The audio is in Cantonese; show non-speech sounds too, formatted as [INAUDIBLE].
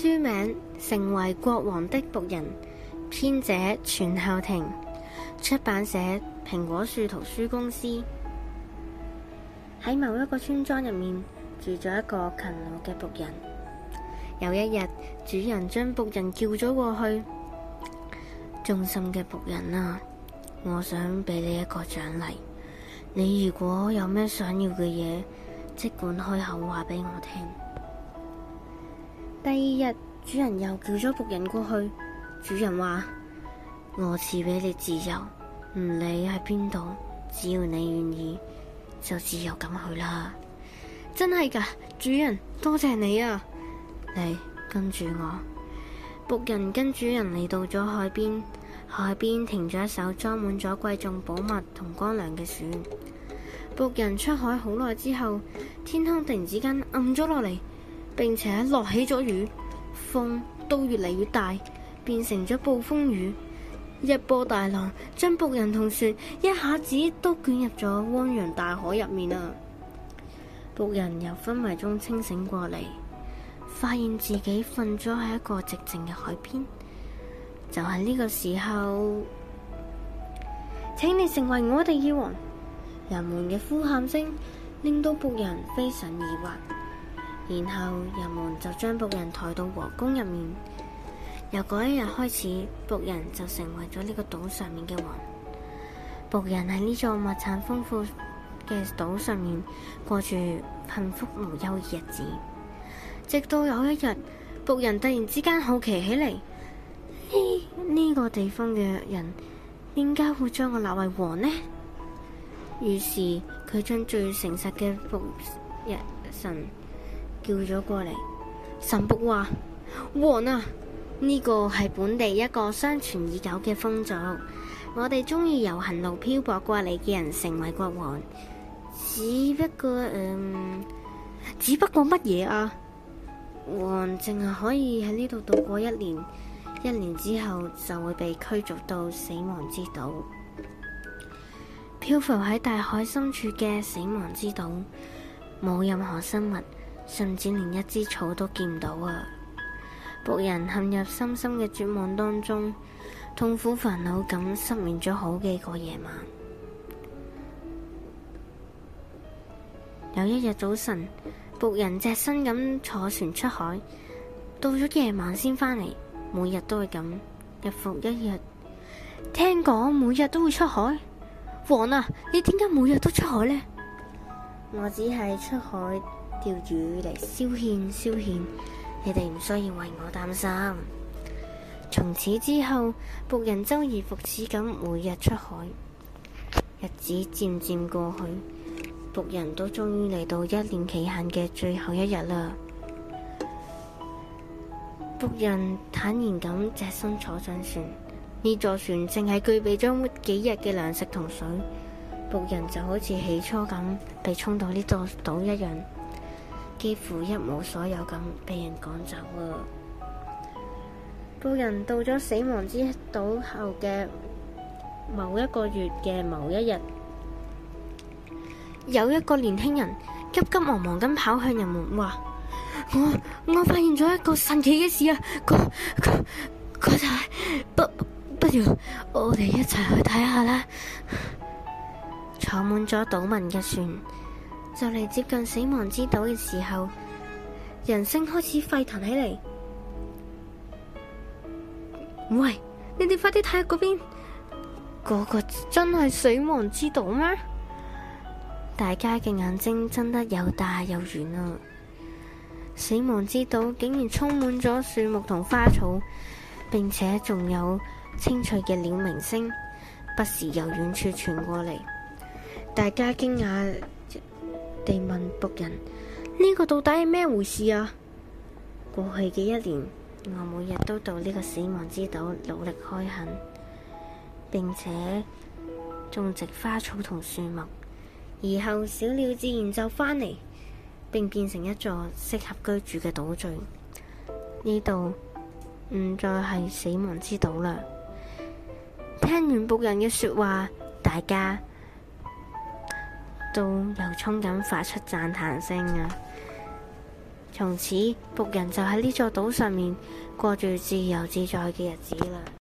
書名：成為國王的僕人，編者：全孝庭，出版社：蘋果樹圖書公司。喺某一個村莊入面，住咗一個勤勞嘅僕人。有一日，主人將僕人叫咗過去，忠心嘅僕人啊，我想俾你一個獎勵。你如果有咩想要嘅嘢，即管開口話俾我聽。第二日，主人又叫咗僕人過去。主人話：我賜俾你自由，唔理喺邊度，只要你願意，就自由咁去啦。真係噶，主人多謝你啊！你跟住我。僕人跟主人嚟到咗海邊，海邊停咗一艘裝滿咗貴重寶物同乾糧嘅船。僕人出海好耐之後，天空突然之間暗咗落嚟。並且落起咗雨，風都越嚟越大，變成咗暴風雨。一波大浪將僕人同船一下子都捲入咗汪洋大海入面啦。僕人由昏迷中清醒過嚟，發現自己瞓咗喺一個寂靜嘅海邊。就喺呢個時候，請你成為我哋以往。人們嘅呼喊聲令到僕人非常疑惑。然後人們就將僕人抬到王宮入面。由嗰一日開始，僕人就成為咗呢個島上面嘅王。僕人喺呢座物產豐富嘅島上面過住幸福無憂嘅日子。直到有一日，僕人突然之間好奇起嚟：呢呢 [LAUGHS] 個地方嘅人點解會將我立為王呢？於是佢將最誠實嘅僕人神。跳咗過嚟，神僕話：王啊，呢、這個係本地一個相傳已久嘅風俗，我哋鍾意游行路漂泊過嚟嘅人成為國王。只不過，嗯，只不過乜嘢啊？王淨係可以喺呢度度過一年，一年之後就會被驅逐到死亡之島。漂浮喺大海深處嘅死亡之島，冇任何生物。甚至連一枝草都見唔到啊！僕人陷入深深嘅絕望當中，痛苦煩惱，咁失眠咗好幾個夜晚。有一日早晨，僕人隻身咁坐船出海，到咗夜晚先返嚟，每日都會咁，日復一日。聽講每日都會出海，王啊，你點解每日都出海呢？我只係出海，釣魚嚟消，消遣，消遣，你哋唔需要為我擔心。從此之後，僕人周而復始，咁，每日出海。日子漸漸過去，僕人都終於嚟到一年期限嘅最後一日啦。僕人坦然咁，隻身坐上船。呢座船淨係具備咗幾日嘅糧食同水。僕人就好似起初咁，被沖到呢座島一樣。幾乎一無所有咁被人趕走啊！到人到咗死亡之島後嘅某一個月嘅某一日，有一個年輕人急急忙忙咁跑向人們話：我我發現咗一個神奇嘅事啊！嗰嗰就係不不如我哋一齊去睇下啦！ [LAUGHS] 坐滿咗島民嘅船。就嚟接近死亡之島嘅時候，人聲開始沸騰起嚟。喂，你哋快啲睇下嗰邊，嗰、嗰個真係死亡之島咩？大家嘅眼睛睜得又大又圓啊！死亡之島竟然充滿咗樹木同花草，並且仲有清脆嘅鳥鳴聲，不時由遠處傳過嚟。大家驚訝。地問僕人：呢個到底係咩回事啊？過去嘅一年，我每日都到呢個死亡之島努力開墾，並且種植花草同樹木，而後小鳥自然就返嚟，並變成一座適合居住嘅島嶼。呢度唔再係死亡之島啦。聽完僕人嘅說話，大家。都由衷咁發出讚嘆聲啊！從此僕人就喺呢座島上面過住自由自在嘅日子啦。